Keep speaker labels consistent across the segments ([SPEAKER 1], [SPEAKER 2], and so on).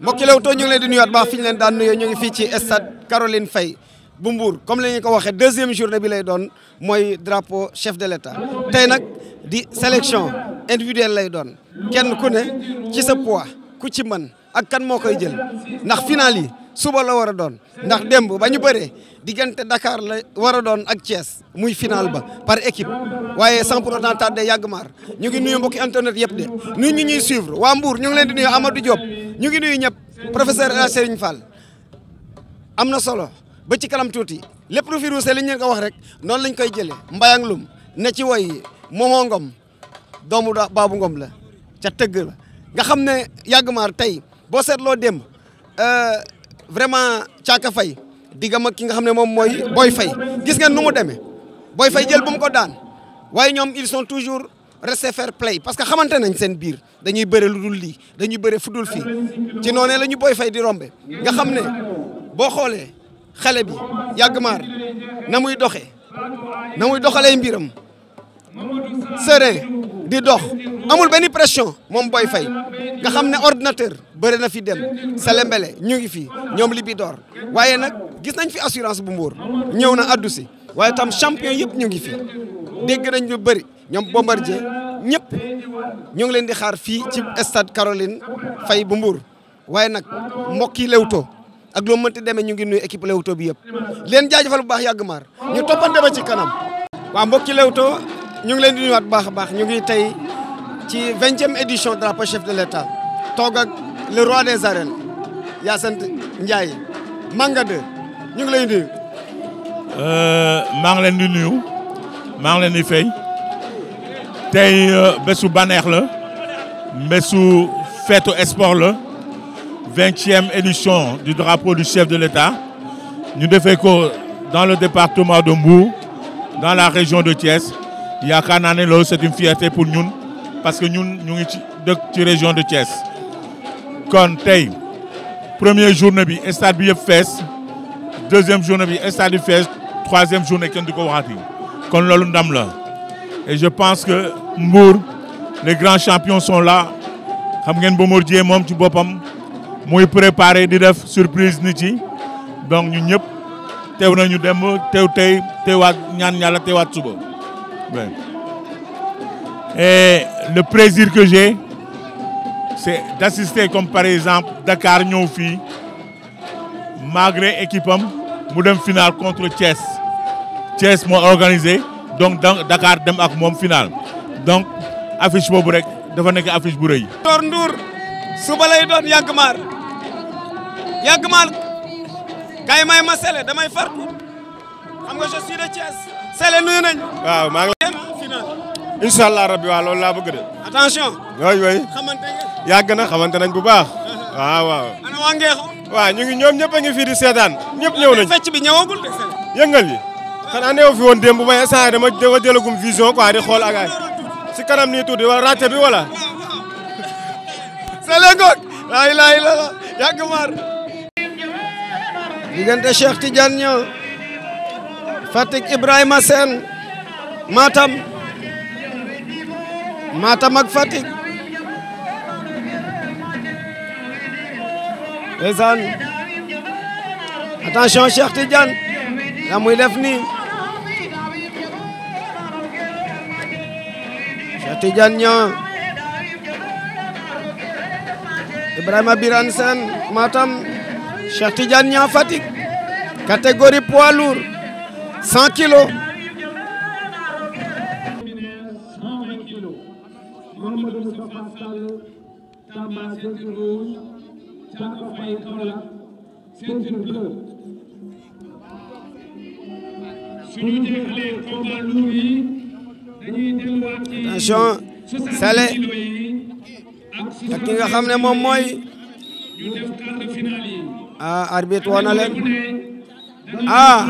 [SPEAKER 1] mbokki Leewtoo ñu ngi leen di nuyuwaat baax fi ñu leen daan nuyoo ñu ngi fii ci stade Caroline fay bu Mbour comme la ñu ko waxee deuxième journée bi lay doon mooy drapeau chef de l'État tey nag di sélection individuelle lay doon kenn ku ne ci sa poids ku ci man ak kan moo koy jël ndax final yi suba la war a doon ndax demb ba ñu bëree diggante Dakar la war a doon ak Thiès muy final ba par équipe waaye sans pour autant tarder yàgg maar ñu ngi nuyu mbokk internet yëpp de nuyu ñu ñuy suivre waa Mbour ñu ngi leen di nuyu Amadou Diop ñu ngi nuyu ñëpp professeur El Serigne Fall am na solo ba ci kanam tuuti lépp lu fi ruusee li ñu ko wax rek noonu lañ koy jëlee mbayang lum ne ci woy yi moomoo ngom baabu ngom la ca tëgg la nga xam ne yàgg tey boo seetloo démb euh, vraiment Thiaka fay diggam ak ki nga xam ne moom mooy Boy fay gis ngeen nu mu demee Boy fay jël bu mu ko daan waaye ñoom ils sont toujours restés fair play parce que xamante nañ seen biir dañuy bëre lu dul lii dañuy bëre fu dul fii ci noonee la ñu Boy fay di rombe nga xam ne boo xoolee xale bi yàgg maar na muy doxee na muy doxalee mbiram. serein di dox amul benn pression moom Boy fay nga xam ne ordinateur bëri na fi dem salembele ñu ngi fi ñoom Libidor waaye nag gis nañ fi assurance bu mbuur ñëw na addu si waaye tam champion yëpp ñu ngi fi dégg nañ lu bëri ñoom Bombardier ñëpp ñu ngi leen di xaar fii ci stade Caroline fay bu mbuur waaye nag mbokk yi Leewtoo ak loo mënti demee ñu ngi nuyu équipe Leewtoo bi yëpp leen jaajëfal bu baax yàgg maar ñu toppante ba ci kanam waa mbokki Leewtoo ñu ngi leen di nuyuwaat baax a baax ñu ngi tey ci vingtième édition drapeau chef de l'État toog ak le roi des arènes Yacine Ndiaye Manga 2 ñu ngi lay nuyu.
[SPEAKER 2] Euh, maa ngi leen di nuyu maa ngi leen di fay tey euh, bésu bànneex la bésu feetu sport la vingtième édition du drapeau du chef de l'État ñu defee ko dans le département de Mbour dans la région de Thiès. yaakaar naa ne loolu c'est une fierté pour ñun parce que ñun ñu ngi ci dëkk ci région de Thiès kon tey premier journée bi stade bi yëpp fees deuxième journée bi stade bi fees troisième journée kenn di ko waxati kon loolu ndam la et je pense que Mbour les grands champions sont là xam ngeen ba Mor Dieng moom ci boppam muy préparé di def surprise ni yi donc ñu ñëpp teew ñu dem teew tey tewaat ñaan yàlla teewaat suba. Ouais. Et le plaisir que j'ai, c'est d'assister comme par exemple dakaar ñëw fii malgré équipe mu dem finale contre Thiès Thiès moo organisé donc Dakar dem ak moom finale donc affiche boobu rek dafa nekk affiche bu rëy.
[SPEAKER 1] Tor doon yàgg maar kay may ma damay fartu xam nga je de Thiès. Sele nuyu nañ
[SPEAKER 2] waaw maa ngi lay. incha allah rabbi waaw
[SPEAKER 1] loolu laa bëgg de. attention. waay waay. xamante ne. yàgg na xamante nañ bu baax. Uh-huh. waaw waaw. ana waa Ngeexu. waaw ñu ngi ñoom ñëpp a ngi fii di seetaan. ñëpp ñëw nañ fecc bi ñëwagul de. yëngal yi. xanaa neew fi woon démb may instant dama dama jëlagum vision quoi di xool ak ay si kanam nii tuuti wala ràcce bi wala. Sele Ngok. waay laay la yàgg maar. diggante Cheikh Tidiane ñëw. Fatick Ibrahima Sène Matam Matam ak Fatick ndeysaan attention Cheikh Tidiane la muy def nii Cheikh Tidiane ñaa Ibrahima Birane Sène Matam Cheikh Tidiane ñaa Fatick catégorie poids 100 kilos. attention Sélé ak ki nga xam ne moom mooy ah arbitre woon na leen ah.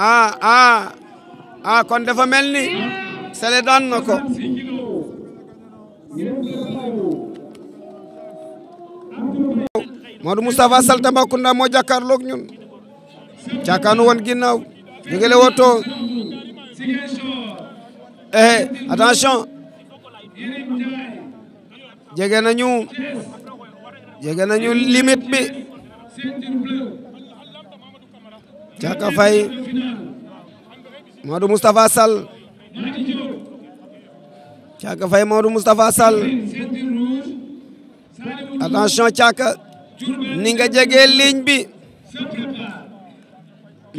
[SPEAKER 1] Ah, ah ah kon dafa mel ni sele daan na ko Modou Moustapha Sall Tambacounda moo jàkkaarloog ñun càkkaanu woon ginnaaw ñu ngi woto eh attention jege ñu jege nañu limite bi Caaka Faye Maodo Moustapha Sall Caaka Faye Maodo Moustapha Sall attention Caaka ni nga jege ligne bi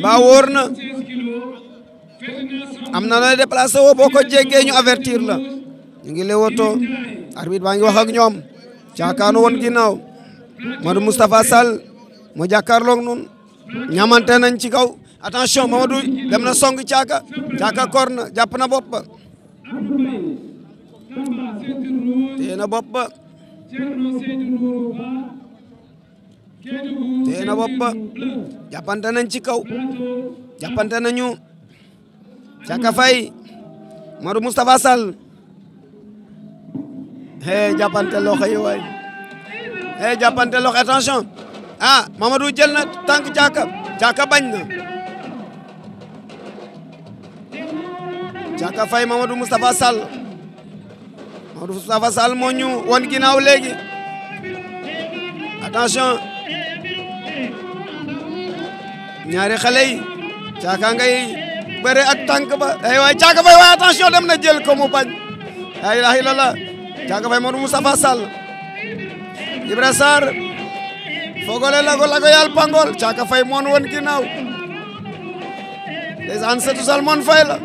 [SPEAKER 3] mbaa wóor na
[SPEAKER 1] am na looy déplacé woo boo ko jegee ñu avertir la ñu ngi lay baa ngi wax ak ñoom Caaka nu woon ginnaaw Maodo Moustapha Sall mu jàkkaarloog noonu ñamante nañ ci kaw attention Mamadou dem na song caaka caaka kor na jàpp na bopp ba bopp ba tee na bopp ba jàppante nañ ci kaw jàppante nañu caaka fay Mamadou Moustapha jàppante loxo yi waay hey jàppante loxo attention ah Mamadou jël na tànk Caaka Caaka bañ na Caaka fay Mamadou Moustapha Sall Mamadou Moustapha Sall moo ñu won ginnaaw léegi attention ñaari xale yi Caaka ngay bëre ak tànk ba ay eh waay Caaka fay waay attention dem na jël ko mu bañ la ilaha illallah Caaka fay Mamadou Moustapha Sall Ibra Sarr fogole lago lago yal pangol Caaka Fay moon won ginnaaw ndeysaan Seetu Salmon Fay la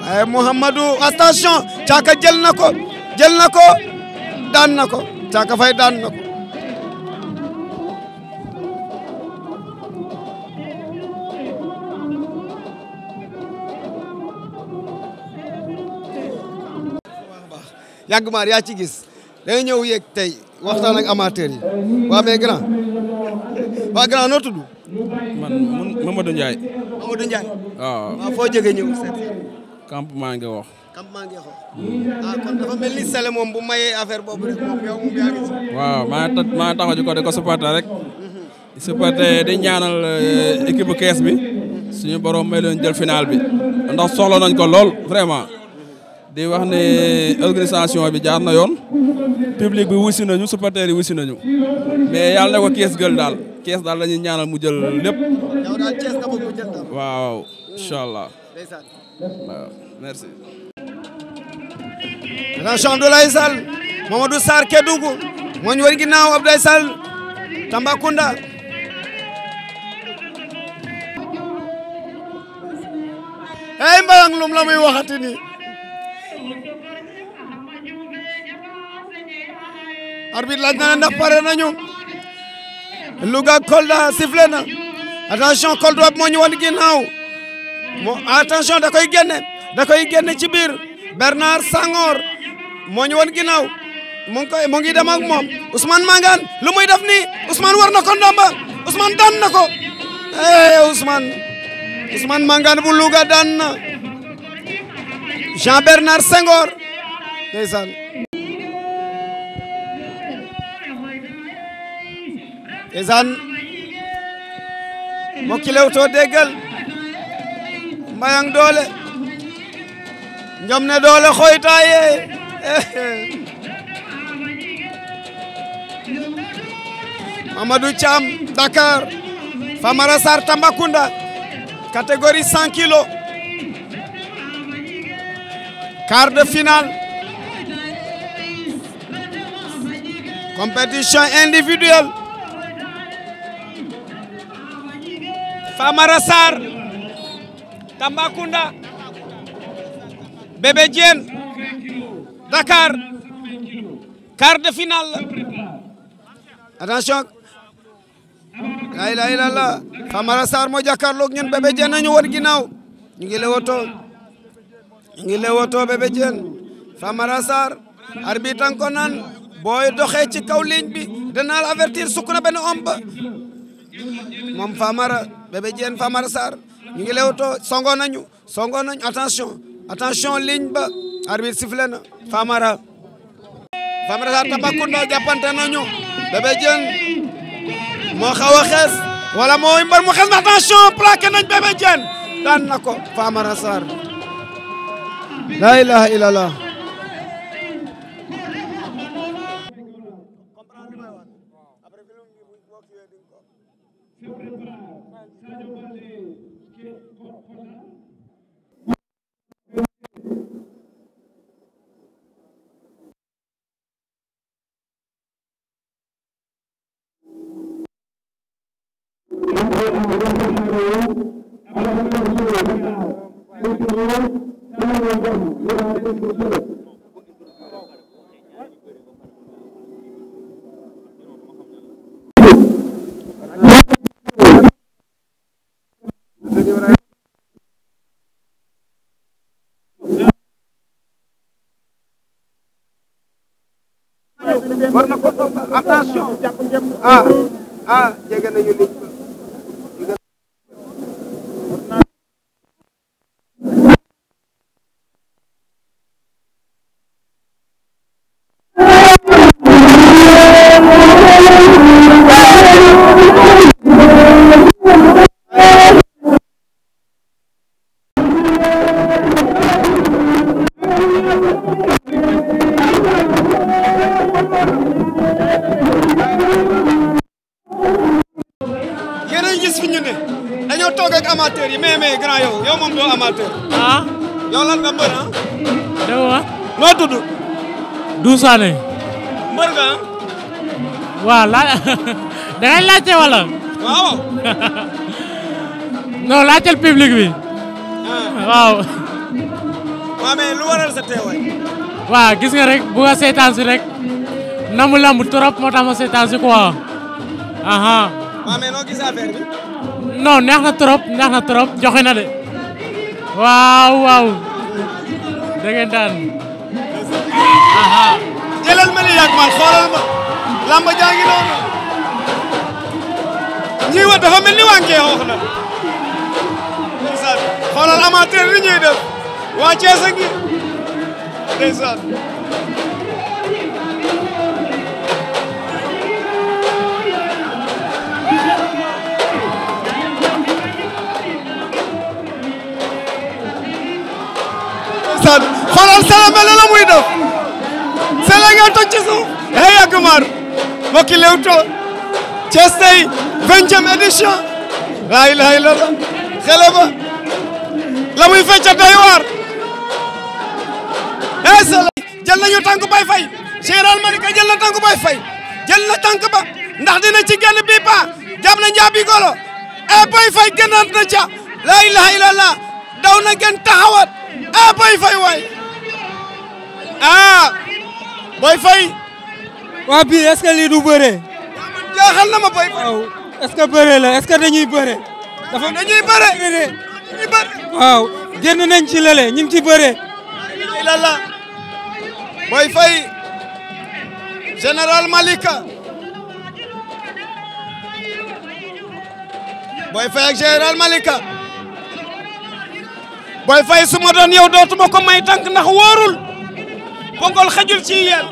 [SPEAKER 1] waaye Mouhamadou attention Caaka jël na ko jël na ko daan na ko Caaka Fay daan na ko yàgg maar yaa ci gis day ñëw yéeg tey waxtaan ak amateur yi waa mais grand waa grand noo
[SPEAKER 3] man
[SPEAKER 4] Mamadou Ndiaye. Mamadou Ndiaye. waaw waaw ñëw seet. campement nga wax. campement nga
[SPEAKER 1] wax. ah moom bu mayee affaire boobu rek
[SPEAKER 4] waaw maa maa taxaw ci ko de ko rek. Mhm. supporter di ñaanal euh, équipe kees bi. suñu borom may leen jël final bi. ndax soxla nañ ko lool vraiment. di wax ne organisation bi jaar na yoon public bi wusi nañu supporters yi wusi nañu
[SPEAKER 1] mais ko
[SPEAKER 4] kees gël daal kees daal lañuy ñaanal mu jël lépp waaw incha allah waaw merci attention Abdoulaye Sall Mamadou
[SPEAKER 1] Sarr Kédougou moo ñu war ginnaaw Abdoulaye Sall Tambacounda ay mbayang
[SPEAKER 3] lum la muy waxati nii
[SPEAKER 1] arbitre laaj na ndax pare nañu Louga Kolda sifflé na attention Kolda moo ñu wan ginnaaw moo attention da koy génne da koy génne ci biir Bernard Sangor moo wan ginnaaw mu ngi koy mu ngi moom Ousmane Mangane lu muy def nii Ousmane war na ko ndomba Ousmane ko eh Ousmane Ousmane Mangane bu Louga daan Jean Bernard Senghor ndeysaan ndeysaan mbokki Leewtoo déggal mbayang doole njom ne doole xoytaaye Mamadou Thiam Dakar Famara Sarr Tambacounda catégorie 100 kilos quart de finale compétition individuelle
[SPEAKER 3] Famara Sarr
[SPEAKER 1] Tambacounda Bébé Diène Dakar quart de finale attention la ilaha illallah Famara Sarr moo jàkkaarloog ñun Bébé Diène nañu war ginnaaw ñu ngi leewtoo ñu ngi leewtoo Bébé naan booy doxee ci kaw ligne bi danaa avertir sukk na omb moom Famara Bébé Diène Famara Sarr ñu ngi lewtoo songo nañu songo nañu attention attention ligne ba arbitre sifflé na Famara Famara Sarr Tambacounda nañu Bébé moo xaw a xees wala moo mbar mu xees na plaqué nañ Bébé Diène daan na ko ilaha illallah war attention ah ah jege nañu nit
[SPEAKER 3] Aliou Sané. mbër nga waaw laaj da ngay laajte wala. waaw. laajteel public bi. Ah. waaw. waaw lu waral sa teewaay. waaw gis nga rek bu nga seetaan si rek. namu lamb moo tax ma seetaan si quoi. aha waaw
[SPEAKER 1] noo gis affaire bi.
[SPEAKER 3] non neex na trop neex na trop joxe de. waaw waaw. da ngeen jëlal ma li yàgg
[SPEAKER 4] man xoolal ma
[SPEAKER 1] lamba jaa noonu
[SPEAKER 4] ñuy dafa mel ni wànkee xoox na
[SPEAKER 1] ndeysaan xoolal amateur li ñuy def waa Cees a ngi ndeysaan xoolal sala mel muy def a toj ci suuf day yàgg maar mbokki Leewtoo Thiès tey vingtième édition laa ilaha illa Allah xele ba la muy fecca day waar e sala jël nañu tànk bay fay jël na tànk bay fay jël na tànk ba ndax dina ci genn bi pa jam na njaabi golo e eh, bay fay gënaat na ca laa ilaha daw na gën taxawaat e eh, bay fay waay ah
[SPEAKER 3] Boy Faye. waa bii est-ce que lii jaaxal na ma Boy Faye. waaw est-ce que dañuy bëree. dafa dañuy bëree. waaw génn nañ ci lële ñu ngi ci bëree. lala Boy
[SPEAKER 1] général Malika. Boy Faye ak général Malika. Boy Faye su ma doon yow dootuma ko may tànk ndax wóorul. Ponguel xajul ci yel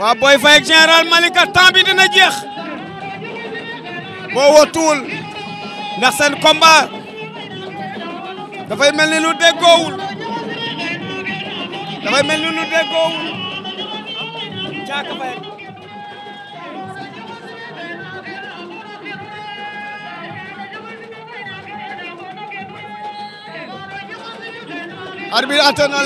[SPEAKER 1] waa Boy Faye ak Malika temps bi dina jeex boo watuwul ndax seen combat dafay mel ni lu déggoowul mel Caaka eh. Faye arbitre atte na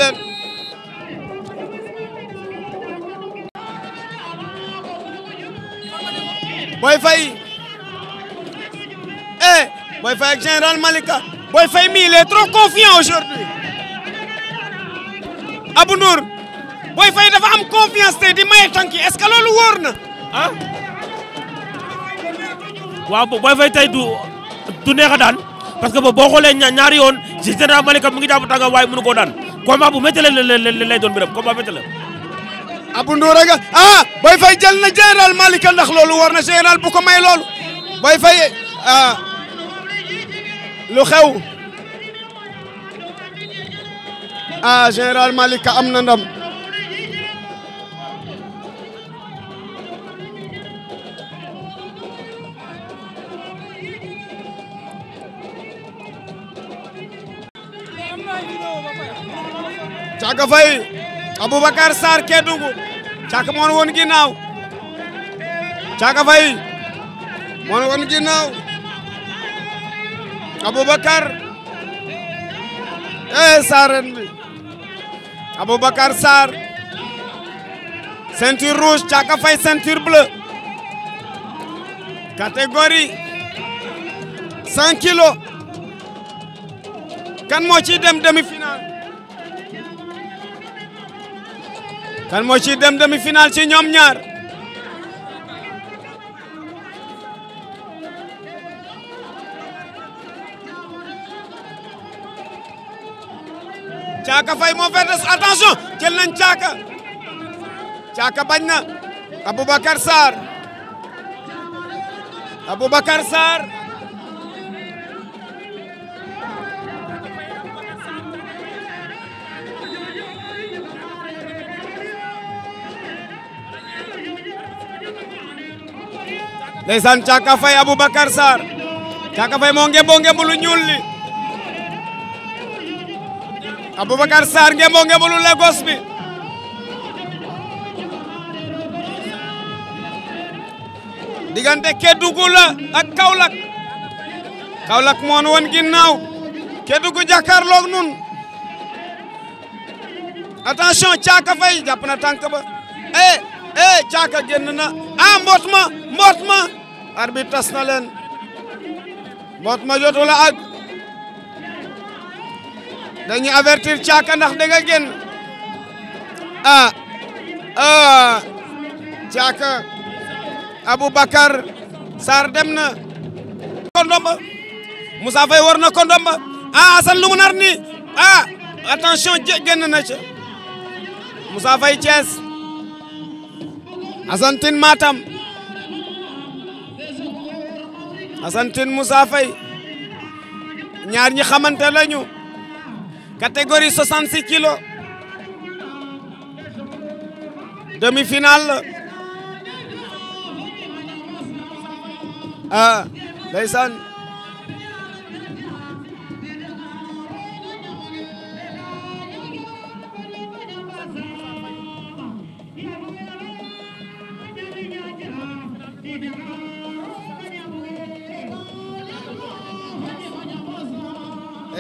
[SPEAKER 1] Général Malika Boy mi il trop confiant aujourd'hui
[SPEAKER 3] Abou Nour
[SPEAKER 1] Boy Faye dafa am confiance tey di maye tànk yi est-ce que loolu wóor na ah.
[SPEAKER 3] waaw Boy Faye du
[SPEAKER 1] du neex daan parce que boo xoolee ñaari yoon ci Malika mu ngi jàpp tànk waaye mënu koo daan
[SPEAKER 4] combat bu métti la lay doon biram combat métti la.
[SPEAKER 1] Abou Ndour nga ah Boy Faye jël na général Malika ndax loolu war na général bu may loolu Boy Faye ah lu xew ah général Malika am na ndam. Thiaka Faye Aboubacar Sarr Kédougou Thiaka moo woon ginnaaw Thiaka Faye moo woon ginnaaw Aboubacar eh Sarren bi Aboubacar Sarr ceinture rouge Thiaka Faye ceinture bleue catégorie 100 kilos kan moo ciy dem demi-finale kan moo ci dem demi final ci ñoom ñaar Caaka Faye moo fay des attention jël nañ Caaka Caaka bañ na Aboubacar Sarr Aboubacar Sarr ndeysaan Caaka Faye Aboubacar Sarr Caaka moo ngemboo ngembu ñuul li Aboubacar Sarr ngemboo ngembu lu bi diggante Kédougou ak Kaolack Kaolack moo nu ginnaaw Kédougou jàkkaarloog nun attention Caaka Faye na tànk ba eh Caaka eh, génn na ah mboot ma mboot ma arbitre tas na leen mboot ma jotul a àgg dañuy avertir caaka ndax da nga génn caaka Aboubacar Sarr dem na kondomba Moussa Faye war na kondomba ah Assane lu ni ah attention génn na ca Moussa Faye Thiès Assane Tine Matam Assane Tine Moussa ñaar ñi xamante lañu catégorie 66 kilos demi-finale la ah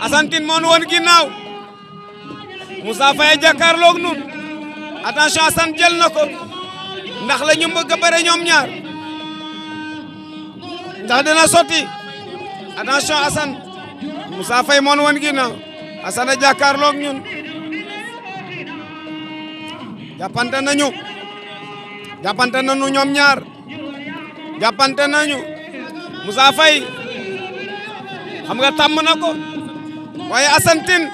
[SPEAKER 1] Assane Tine moo nu woon ginnaaw Moussa Faye jàkkaarloog nun attention Assane jël na ko ndax la ñu bëgg a bëre ñoom ñaar ndax dina sotti attention Assane Moussa Faye moo nu woon ginnaaw Assane a jàkkaarloog ñun jàppante nañu jàppante nañu ñoom ñaar jàppante nañu Moussa Faye xam nga tàmm na ko waaye Assane Tine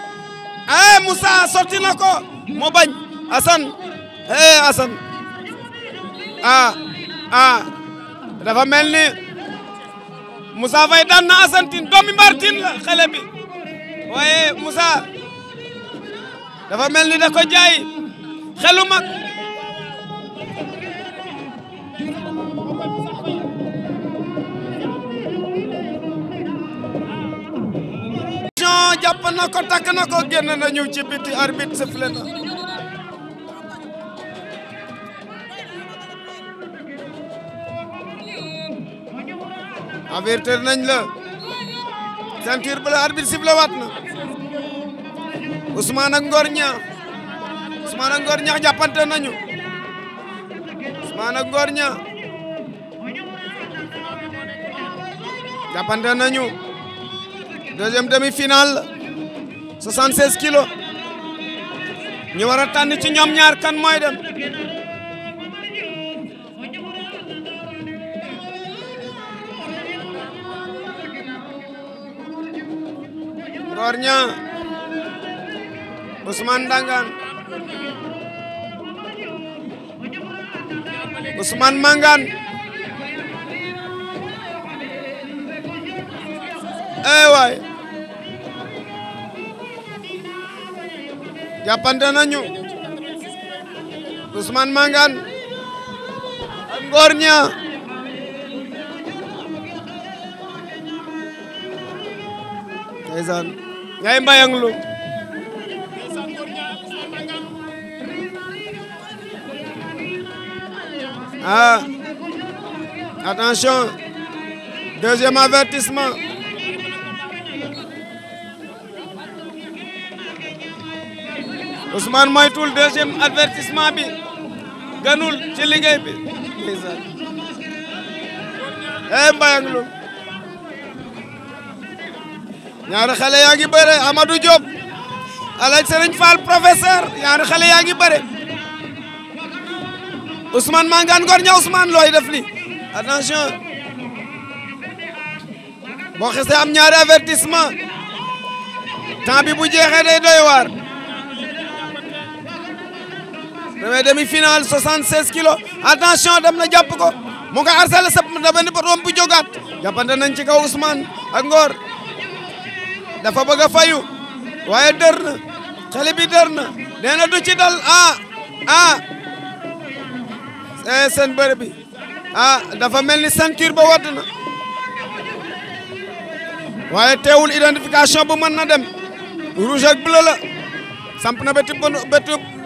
[SPEAKER 1] eh Moussa ko mu bañ asan eh Assane ah ah dafa mel ni Moussa Faye daan na Assane Tine doomi Mbar waaye Moussa dafa mel ni da ko jaay xelu mag jàpp na ko takk na ko génn ñu ñëw ci biti arbitre sifflé na avertir nañ la ceinture bleu arbitre sifflé waat na Ousmane ak Ngor Niakh Ousmane ak Ngor Niakh jàppante nañu Ousmane ak Ngor Niakh jàppante demi-finale 76 kilos ñu war a tànn ci ñoom ñaar kan mooy dem Ngor Niang Dangan Ousmane Mangane eh, ay jàppante nañu Ousmane Mangane ak Ngor Niang ndeysaan ngay lu ah attention deuxième avertissement Ousmane moytul deuxième avertissement bi ganul ci liggéey bi ndeysaan eh mbayang lu ñaari xale yaa bëre Amadou Diop Alaj Serigne Fall professeur ñaari xale yaa ngi bëre Ousmane Mangane Ngor ña Ousmane looy def li attention boo xasee am ñaari avertissement temps bi bu jeexee day doy waar demee demi-finale 76 kilos attention dem na jàpp ko mu nga arsala sap da benn potoom bu jógaat jàppante nañ ci kaw Ousmane ak Ngor dafa bëgg a fayu waaye dër na xale bi dër ci dal ah ah seen bëre bi dafa mel ni ceinture ba wadd na waaye teewul identification bu mën na dem rouge ak bleu la samp na beti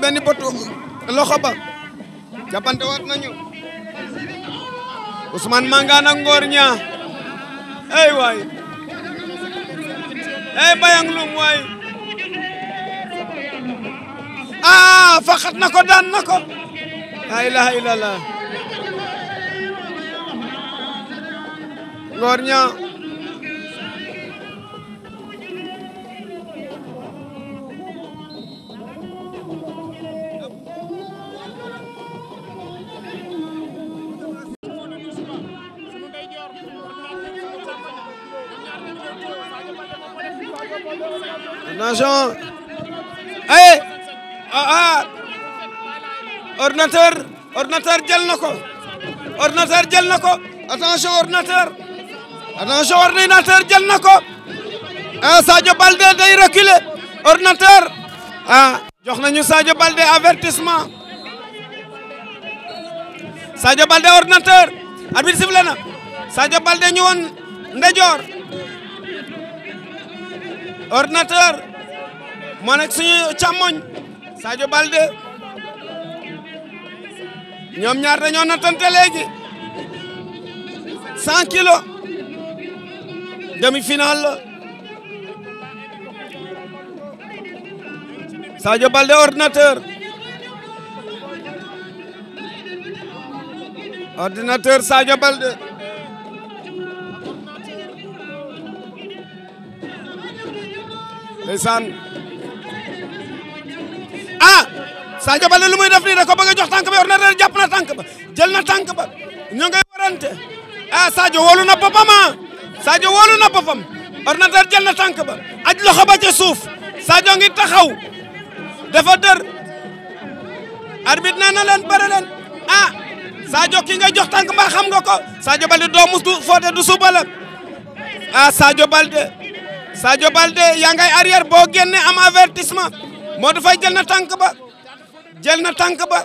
[SPEAKER 1] benn botu loxo ba jàppante waat nañu Ousmane Mangane ak Ngor Niang ey waay ey bayang lum waay aa ah, faxat na ko daan na ko laa ilaha illallah
[SPEAKER 4] Ngor Niang
[SPEAKER 1] attention ay ah, ah! ordinateur ordinateur jël na ko ordinateur jël na ko attention ordinateur attention ordinateur jël na ko ah Sadio Balde day reculer ordinateur ah jox nañu Sadio Balde avertissement Sadio Balde ordinateur arbitre sifflé na Sadio Balde ñu woon ndejoor ordinateur moo nekk suñu càmmoñ Sadio Balde ñoom ñaar dañoo nattante léegi cent kilos demi Balde ordinateur ordinateur Sadio Balde ndeysaan ah Sadio Baldé lu muy def nii da ko bëgg jox tànk ba ordinateur jàpp na tànk ba jël na tànk ba ñoo ngay warante ah Sadio wóolu na boppam ah Sadio wóolu na boppam ordinateur jël na tànk ba aj loxo ba suuf Sadio ngi taxaw dafa dër arbitre nee na leen bëri leen ah Sadio ki nga jox tànk ba xam nga ko Sadio Baldé doo foote du suba la ah Sadio Baldé Sadio Balde yaa ngay arrière boo génne am avertissement Modou Faye jël na tànk ba jël na tànk ba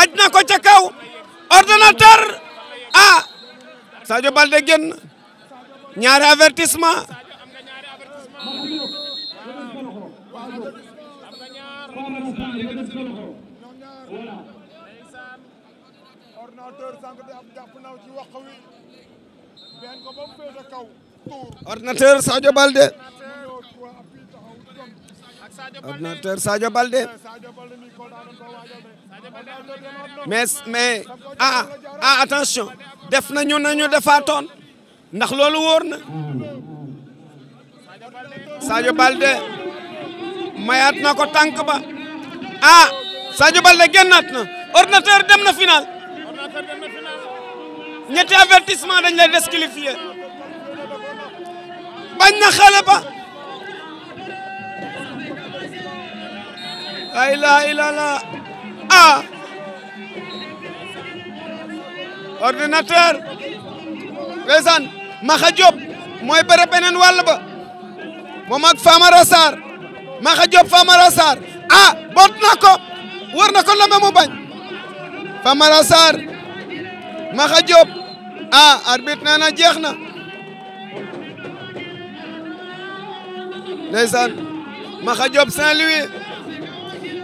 [SPEAKER 1] aj na ko ca kaw ordinateur ah Sadio Balde génn ñaari avertissement ordinateur ordinateur Sadio Balde ordinateur Sadio Balde mais mais ah ah attention def nañu nañu defaatoon ndax loolu wóor na Sadio Balde mayaat na ko tànk ba ah Sadio Balde génnaat na ordinateur dem na final ñetti avertissement dañ lay disqualifier bañ na xale ba la ilaha illallah ah ordinateur ndeysaan Maxa Diop mooy bëre beneen wàll ba moom ak Famara Sarr Maxa Diop Famara Sarr ah bot na ko war na ko lamba mu bañ Famara Sarr Maxa Diop ah arbitre nee na jeex na ma Maxa Diop Saint-Louis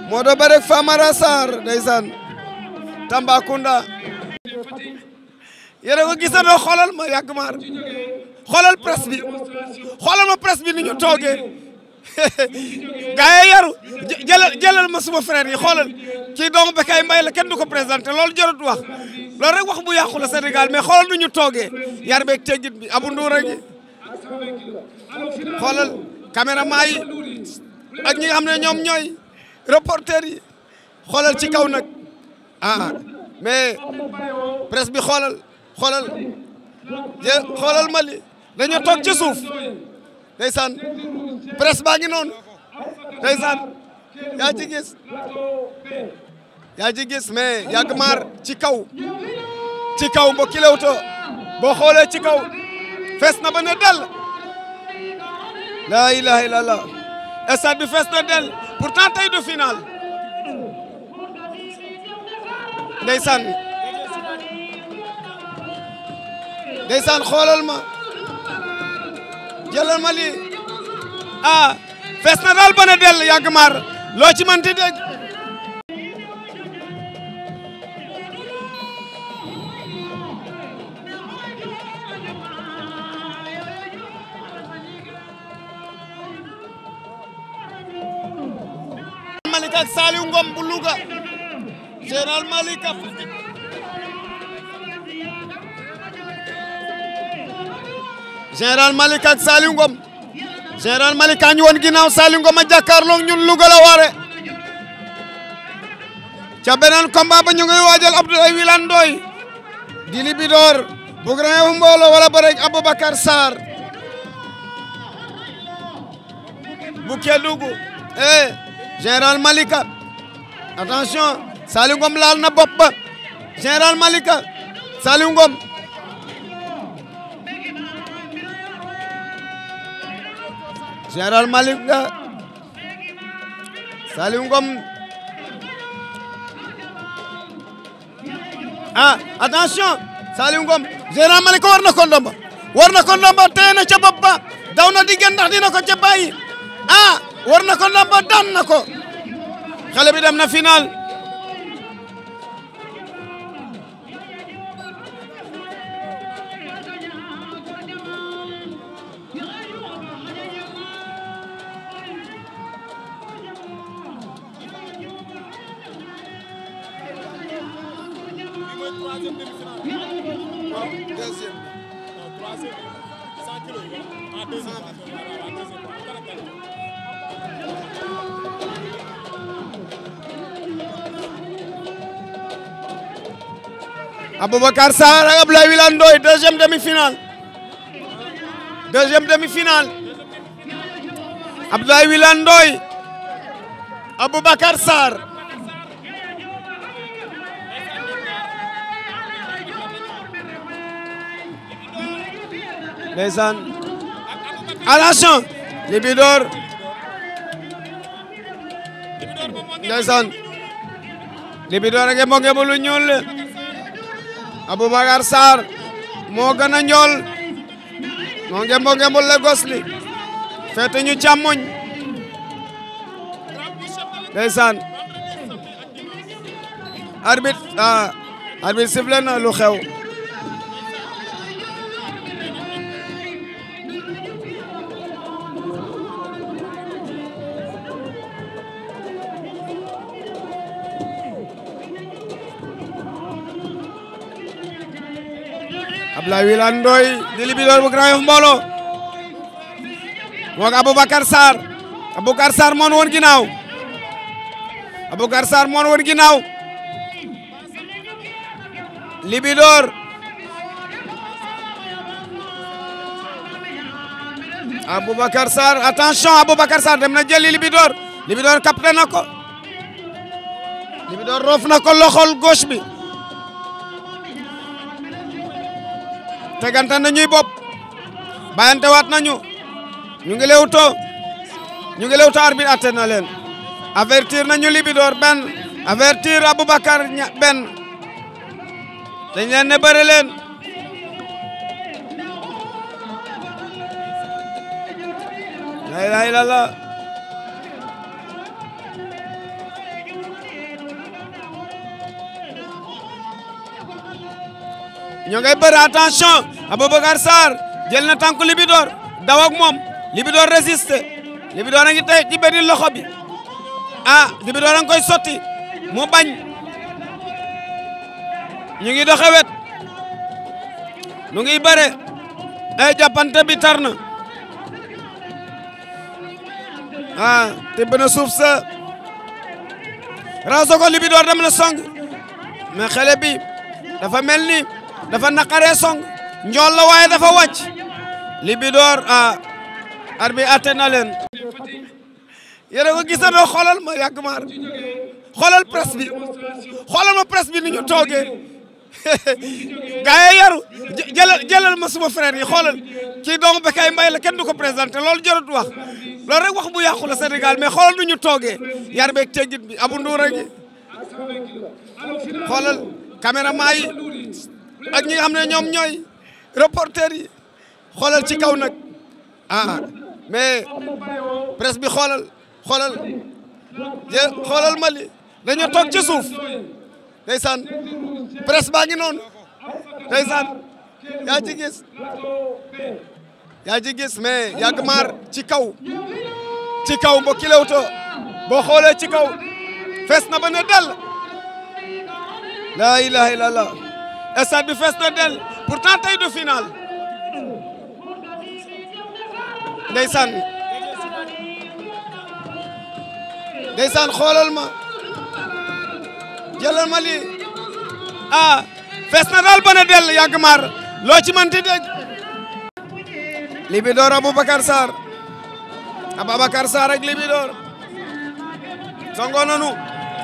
[SPEAKER 1] moo do bare Famara Sarr ndeysaan Tambacounda yéen a ko gisandoo xoolal ma yàgg maar xoolal presse bi xoolal ma presse bi ni ñu toogee gars yi yaru jëlal ma suma frère yi xoolal ci doomu Bécaye Mbaye la kenn du ko présenté loolu jarut wax loolu rek wax bu yàqu la Sénégal mais xoolal nu ñu toogee yar beeg teggin bi abu nduura gi xoolal caméraman yi ak ñi nga xam ne ñoom ñooy reporter yi xoolal ci kaw nag ah mais presse bi xoolal xoolal jë xoolal Mali dañoo toog ci suuf ndeysaan presse baa ngi noonu ndeysaan yaa ci gis yaa ci gis mais yàgg maar ci kaw ci kaw mbokki Leewtoo boo xoolee ci kaw fees na ba ne dell laa ilaha illallah stade bi fees na del pourtant tey du final ndeysaan
[SPEAKER 3] ndeysaan xoolal ma jëlal ma lii
[SPEAKER 1] ah fees na bana del yàgg maar loo ci ti dégg Malick ak Saliou Ngom bu Louga général Malick ak général Malick ak Saliou Ngom général Malick a ñu woon ginnaaw Saliou Ngom a jàkkaarloog ñun Louga la waare ca beneen combat ba ñu ngay waajal Abdoulaye Wilane Ndoye di Libidor bu grand mbooloo wala ba rek Aboubacar Sarr bu Kédougou eh général Malika attention Saliou Ngom laal na bopp ba général Malika Saliou Ngom général Malika Saliou Ngom ah attention Saliou Malika war na ko war na ko ndomba ca bopp ba daw na diggante ndax dina ko ca bàyyi ah. war na ko ndamba xale bi dem na final Aboubacar Sarr ak Abdoulaye Wilane Ndoye deuxième demi-finale deuxième demi-finale Abdoulaye Wilane Ndoye Aboubacar Sarr ndeysaan attention Libidor lu ñuul Aboubacar Sarr moo gën a njool moo ngembo ngembo Lagos li feete ñu càmmoñ ndeysaan ah, na lu xew Abdoulaye Wilane Ndoye di libidor bu Grand Yoff moog Aboubacar Sarr Aboubacar Sarr moon woon ginnaaw Aboubacar Sarr moon woon ginnaaw libidor Aboubacar attention Aboubacar Sarr dem na jëli libidor libidor capté ko libidor roof ko loxol gauche bi tegante nañuy bopp bàyyante waat nañu ñu ngi lewto ñu ngi lewto arbitre atte na leen avertir nañu Libidor benn avertir Aboubacar benn dañ leen ne bëri ñoo ngay bëri attention Aboubacar Sarr jël na tànku Libidor daw ak moom Libidor résisté Libidor a ngi tey ci benn loxo bi ah, a ngi koy sotti mu bañ ñu ngi doxe wet nu ngi bëre ay jàppante bi tar na ah tibb na suuf sa raso ko Libidor dem na song mais xale bi dafa mel ni dafa naqaree song njool la waaye dafa wàcc Libidor a ah, arbi atte na leen yéen a ko xoolal ma yàgg xoolal presse bi xoolal ma presse bi ni ñu toogee gars yi yaru jëlal jëlal ma suma frère yi xoolal kii doomu Bécaye Mbaye la kenn du ko présenté loolu jarut wax loolu rek wax bu yàqu la Sénégal mais xoolal nu ñu toogee yar beeg teggit bi abu nduura xoolal caméraman yi ak ñi nga xam ne ñoom ñooy reporters yi xoolal ci kaw nag ah mais presse bi xoolal xoolal je xoolal Mali dañoo toog ci suuf ndeysaan presse baa ngi noonu ndeysaan yaa ci gis yaa ci gis mais yàgg maar ci kaw ci kaw mbokki Leewtoo boo xoolee ci kaw fees na ba ne dell laa ilaha stade bi fees na del pourtant tey du final ndeysaan
[SPEAKER 3] ndeysaan xoolal ma
[SPEAKER 1] jëlal ma lii ah fees na daal bana del yàgg maar loo ci mën ti dégg Libidor Aboubacar Sarr Aboubacar songo nanu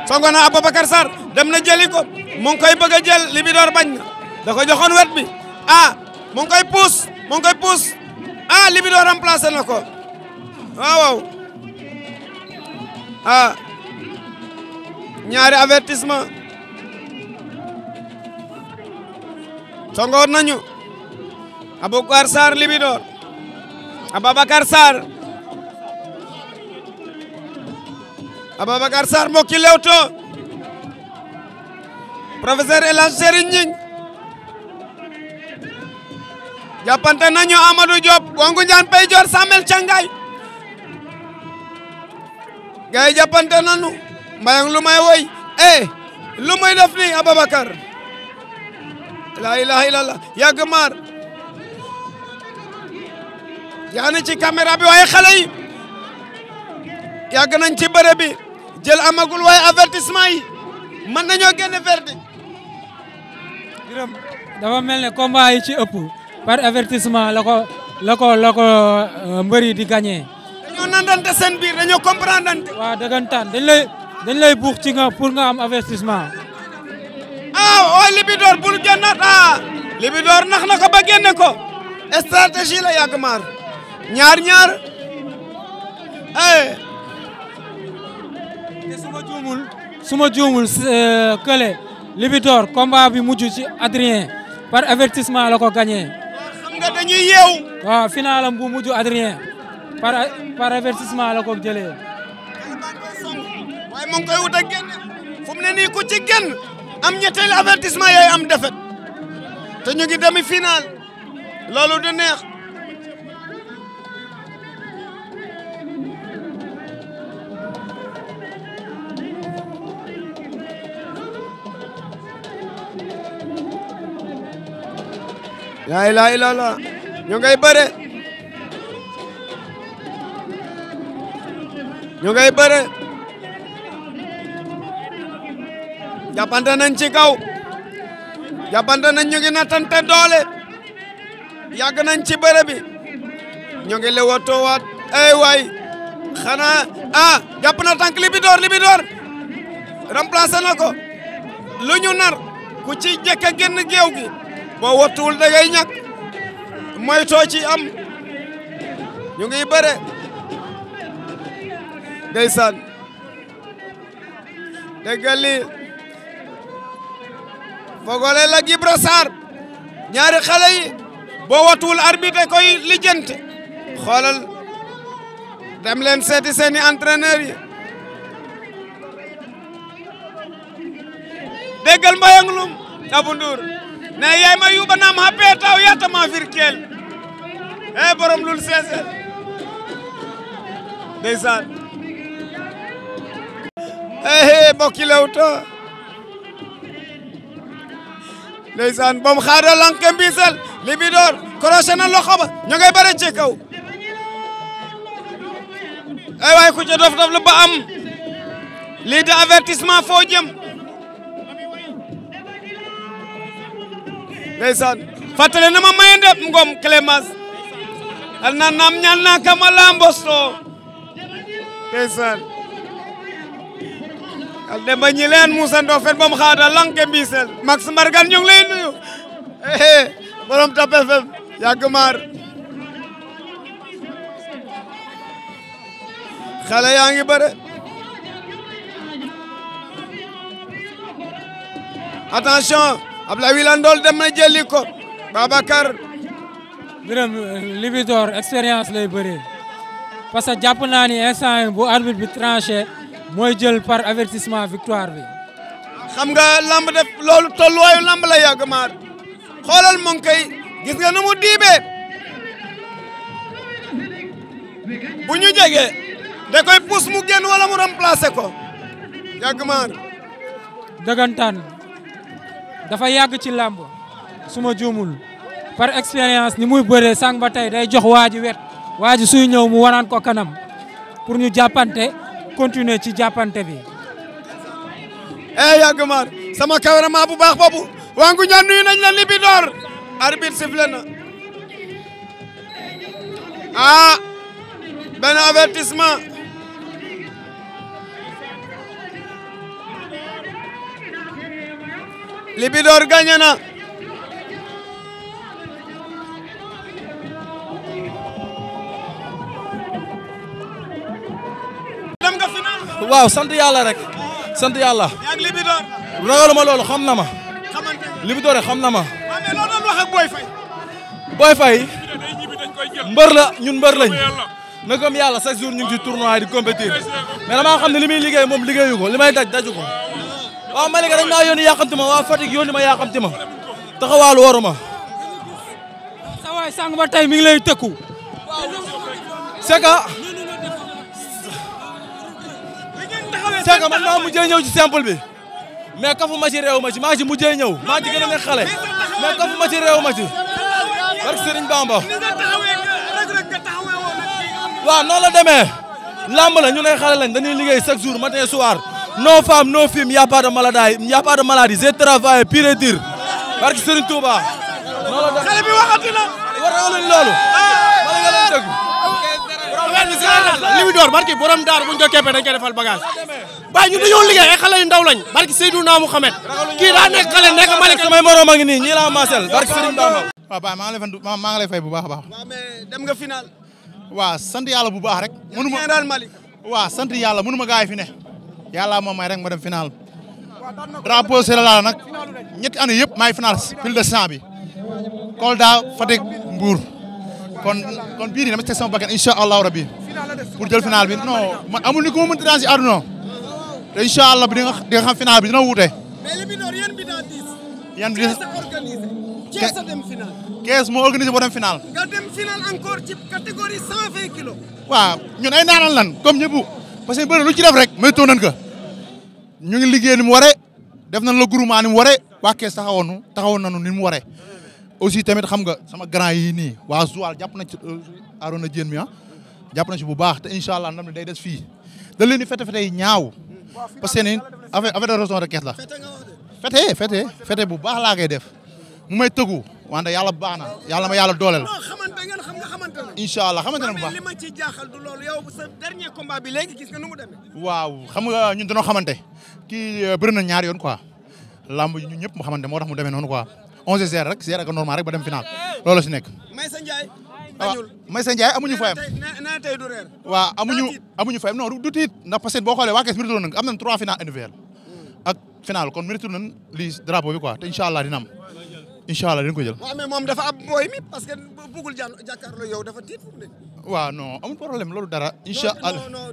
[SPEAKER 1] songo na Aboubacar Sarr dem na jëli ko mu ngi koy bëgg a jël Libidor bañ na da ko joxoon wet bi ah mu ngi koy puus mu ngi koy puus ah Libidor remplacé na ko waaw waaw ah ñaari avertissement songoon nañu Aboubacar Sarr Libidor Aboubacar Sarr Ababacar Sarr mbokk yi Leewtoo professeur El Hadj Serigne Gningue jàppante nañu Amadou Diop Gongu Ndiane Pay Dior Samel gay jàppante nañu mbayang lu may woy eh ni Ababacar la ilaha illallah yàgg maar yaa ci caméra bi waaye xale yi yàgg nañ ci bëre jël amagul waaye avertissement yi man nañoo génne verdict
[SPEAKER 3] Birame dafa mel ne combat yi ci ëpp par avertissement la ko la ko la ko euh, mbër di gagné. dañoo nandante seen biir dañoo comprendre. waaw dëggantaan dañ lay dañ lay buux ci nga pour nga am avertissement. ah ooy oh, Libidor bul génnaat ah.
[SPEAKER 1] Libidor nax na ko ba génne ko. stratégie la yàgg ñaar ñaar.
[SPEAKER 3] juumul su ma juumul euh, kële Libitor combat bi mujj ci Adrien par avertissement la ko gagné. xam nga dañuy yeew. waaw finalam bu mujj Adrien par par avertissement la ko ne
[SPEAKER 1] nii ku ci am ñetteelu avertissement yooyu am défaite te ñu demi final loolu du neex. laa ilaaha illallaah ñu ngay bëre ñu ngay bëre jàppante nañ ci kaw jàppante nañ ñu ngi nattante doole yàgg nañ ci bëre bi ñu ngi lewatoo waat ay xanaa ah jàpp na tànk li bi door li na ko lu ñu nar ku ci jëkk a génn gi boo wattuwul da ngay ñàkk moytoo ci am ñu ngi bëre ndeysaan déggal li fogole la ñaari xale yi boo wattuwul arbitre koy lijjante xoolal dem leen seeti seeni entraîneur yi déggal mbayang lum na yayma yuɓanam ha peeta o yatama firkel e borom lul sese ndeysan ehe mbokki Leewtoo ndeysan bom xaada lanke mbisel libidor crochet na loxo ba bare ci kaw ay e, waay ku dof dof la ba am lii de avertissement foo jëm ndeysaan fàttale na ma mayende ngom Clémence al na nam ñaan na kama lambosto ndeysaan al demba ñi leen Moussa Ndofène bom xaada lanke mbisel Max Mbargane ñu ngi borom Top FM yàgg maar xale yaa ngi bëre attention Abdoulaye Wilane Ndool dem na jëli ko
[SPEAKER 3] Babacar biram Libidor expérience lay bëree parce que jàpp naa ni instant bu arbitre bi tranché mooy jël par avertissement victoire bi xam nga lamb def loolu tolluwaayu lamb la yàgg maar xoolal mu
[SPEAKER 1] ngi gis nga nu mu diibee
[SPEAKER 3] bu ñu jegee koy pousse mu génn wala mu remplacer ko yàgg maar dafa yàgg ci làmb suma ma juumul par expérience ni muy bëree sànq ba tey day jox waa ji wet waa ji ñëw mu waraan ko kanam pour ñu jàppante continuer ci jàppante bi eh yàgg maar sama cameraman bu baax boobu wangu ñaan nuyu nañ la libidoor
[SPEAKER 1] arbitre sifflé na ah benn avertissement Libidor gagné na dem nga final
[SPEAKER 4] waaw sant yàlla rek sant yàlla
[SPEAKER 1] ak Libidor
[SPEAKER 4] ragaluma loolu xam na ma Libidor xam na ma mais loolu doon wax ak Boy Faye Boy Faye mbër la ñun mbër lañ na gëm yàlla chaque jour ñu ngi ci tournoi di compétir mais damaa xam ne li muy liggéey moom liggéeyu ko li may daj daju waaw Malika dañ maa yónni yàqamti ma waaw Fatick yónni ma yàqamti ma taxawaalu waru ma. sa waay sàng ba tey mi ngi lay tëkku. c'est que. c'est que man maa mujjee ñëw ci simple bi mais kafu ma ci réew ma ci maa ci mujjee ñëw maa a nekk xale mais kafu ma ci réew ma ci
[SPEAKER 1] barke Serigne Bamba. waaw noonu la demee
[SPEAKER 4] lamb la ñu ne xale lañ dañuy liggéey chaque jour matin soir. non femme non film y' a pas de maladie y' a pas de maladie barke Serigne Touba. xale bi waxati na. war loolu. Ah.
[SPEAKER 1] wala li mu door barke borom daar bu ñu ko keppee dañ koy defal bagage. waaye ñun dañoo liggéey ay xale yu ndaw lañ.
[SPEAKER 4] barke Seydouna Mouhamed. kii daa nekk xale nekk Malick samay morom a ngi nii ñii laa barke Serigne
[SPEAKER 5] Bamba. maa ngi maa ngi fay bu baax a baax. waaw mais dem nga final. waaw sant yàlla bu baax rek. mënu ma waaw sant yàlla mënu ma gaay fi ne yàlla moom may rek ma dem final drapeau Sélé la nag ñetti année yëpp maay fil de cent bi Kolda Fatick Mbour kon kon bii nii dama teg sama bakkan incha allahu rabi pour bi non amul ni ko ma mënti daan te incha allah bi di xam final bi dina wuute.
[SPEAKER 1] mais bi doon yan a dem
[SPEAKER 5] moo organisé boo dem final.
[SPEAKER 1] nga dem final encore
[SPEAKER 5] lan comme ñëpp. parce que bëri lu ci def rek moytoo nañ ko ñu ngi liggéey ni mu waree def nañ la groupement ni mu waree waa Kees taxawoon taxawoon nañu ni mu waree aussi tamit xam nga sama grand yi nii waa Zoual jàpp na ci euh, Arona Dieng mi ah jàpp na ci bu baax te incha allah ndam day des fii da leen di fete ñaaw parce que ni affaire affaire de raison de Kees la fete fete fete bu baax laa koy def mu may tëgu wante yàlla baax na yàlla ma yàlla dooleel
[SPEAKER 1] incha allah xamante ne bu baax li ma ci jaaxal du bi léegi gis nga mu demee.
[SPEAKER 5] waaw xam nga ñun dañoo xamante kii euh, bëri na ñaar yoon quoi lamb yi ñun ñëpp mu xamante moo tax mu demee noonu quoi 11 heures rek seer ak normal rek ba dem final loolu si nekk. Maysa Ndiaye. waaw ah, Maysa Ndiaye amuñu fayam na tey du reer. waaw amuñu amuñu fayam non du tiit ndax parce boo xoolee waa kees mérité nañ am nañ 3 final individuel mm. ak final kon mérité nañ lii drapeau bi quoi te incha allah dina incha allah dañ ko jël. waaw mais
[SPEAKER 1] moom dafa am booy parce que bëggul jàll jàkkaarloo yow dafa tiit fu mu ne.
[SPEAKER 5] waaw non problème loolu dara. incha allah non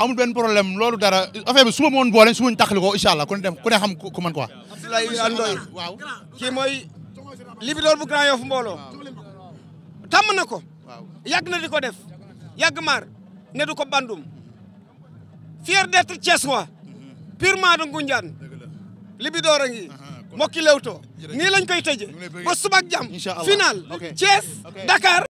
[SPEAKER 5] non benn problème loolu dara affaire bi suba ma woon boole suba ñu taxali ko incha allah ku xam ku man quoi.
[SPEAKER 1] Abdoulaye Andoy waaw kii mooy. Libidor bu Grand Yoff mbooloo. na ko. waaw yàgg ko def. yàgg maar ne ko bandum. fier d'être Thiessois. purement de Ngoundiane li bi door a ngi mbokki Leewtoo lañ koy tëjee ba subak jàmm final
[SPEAKER 3] Thiès Dakar